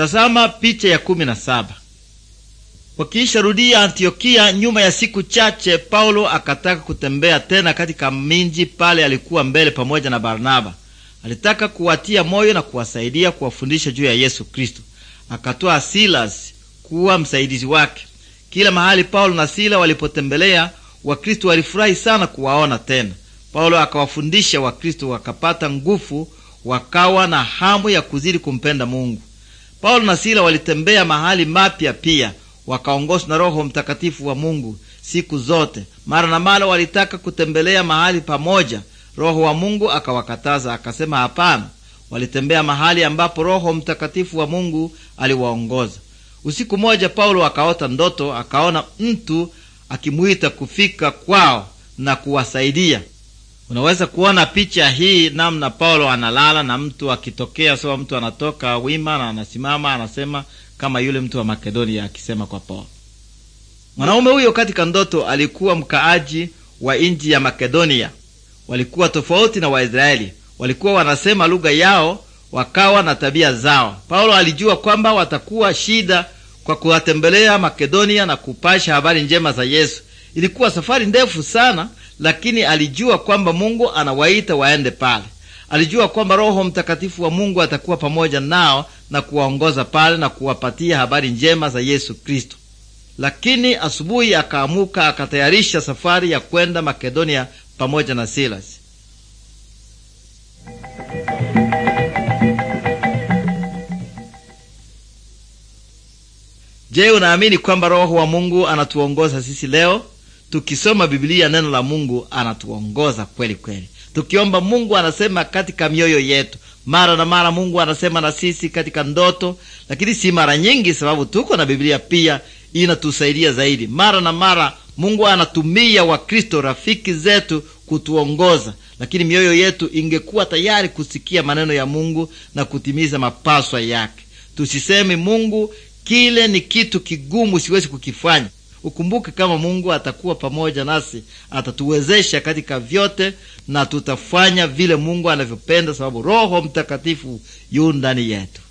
Tazama picha ya kumi na saba. rudia Antiokia nyuma ya siku chache, Paulo akataka kutembea tena katika minji pale alikuwa mbele pamoja na Barnaba. Alitaka kuwatia moyo na kuwasaidia kuwafundisha juu ya Yesu Kristo. Akatoa Silas kuwa msaidizi wake. Kila mahali Paulo na Sila walipotembelea, Wakristo walifurahi sana kuwaona tena. Paulo akawafundisha Wakristo, wakapata nguvu, wakawa na hamu ya kuzidi kumpenda Mungu. Paulo na Sila walitembea mahali mapya pia, wakaongozwa na Roho Mtakatifu wa Mungu siku zote. Mara na mara walitaka kutembelea mahali pamoja, Roho wa Mungu akawakataza akasema, hapana. Walitembea mahali ambapo Roho Mtakatifu wa Mungu aliwaongoza. Usiku mmoja Paulo akaota ndoto, akaona mtu akimuita kufika kwao na kuwasaidia. Unaweza kuona picha hii namna Paulo analala na mtu akitokea, sawa, mtu anatoka wima na anasimama, anasema kama yule mtu wa Makedonia akisema kwa Paulo. Mwanaume huyo katika ndoto alikuwa mkaaji wa nchi ya Makedonia. Walikuwa tofauti na Waisraeli, walikuwa wanasema lugha yao, wakawa na tabia zao. Paulo alijua kwamba watakuwa shida kwa kuwatembelea Makedonia na kupasha habari njema za Yesu. Ilikuwa safari ndefu sana lakini alijua kwamba Mungu anawaita waende pale. Alijua kwamba Roho Mtakatifu wa Mungu atakuwa pamoja nao na kuwaongoza pale na kuwapatia habari njema za Yesu Kristo. Lakini asubuhi akaamuka, akatayarisha safari ya kwenda Makedonia pamoja na silas Je, unaamini kwamba Roho wa Mungu anatuongoza sisi leo? Tukisoma Biblia, neno la Mungu anatuongoza kweli kweli. Tukiomba, Mungu anasema katika mioyo yetu. Mara na mara Mungu anasema na sisi katika ndoto, lakini si mara nyingi, sababu tuko na Biblia pia inatusaidia zaidi. Mara na mara Mungu anatumia Wakristo rafiki zetu kutuongoza, lakini mioyo yetu ingekuwa tayari kusikia maneno ya Mungu na kutimiza mapaswa yake. Tusiseme Mungu, kile ni kitu kigumu, siwezi kukifanya. Ukumbuke kama Mungu atakuwa pamoja nasi, atatuwezesha katika vyote na tutafanya vile Mungu anavyopenda, sababu Roho Mtakatifu yu ndani yetu.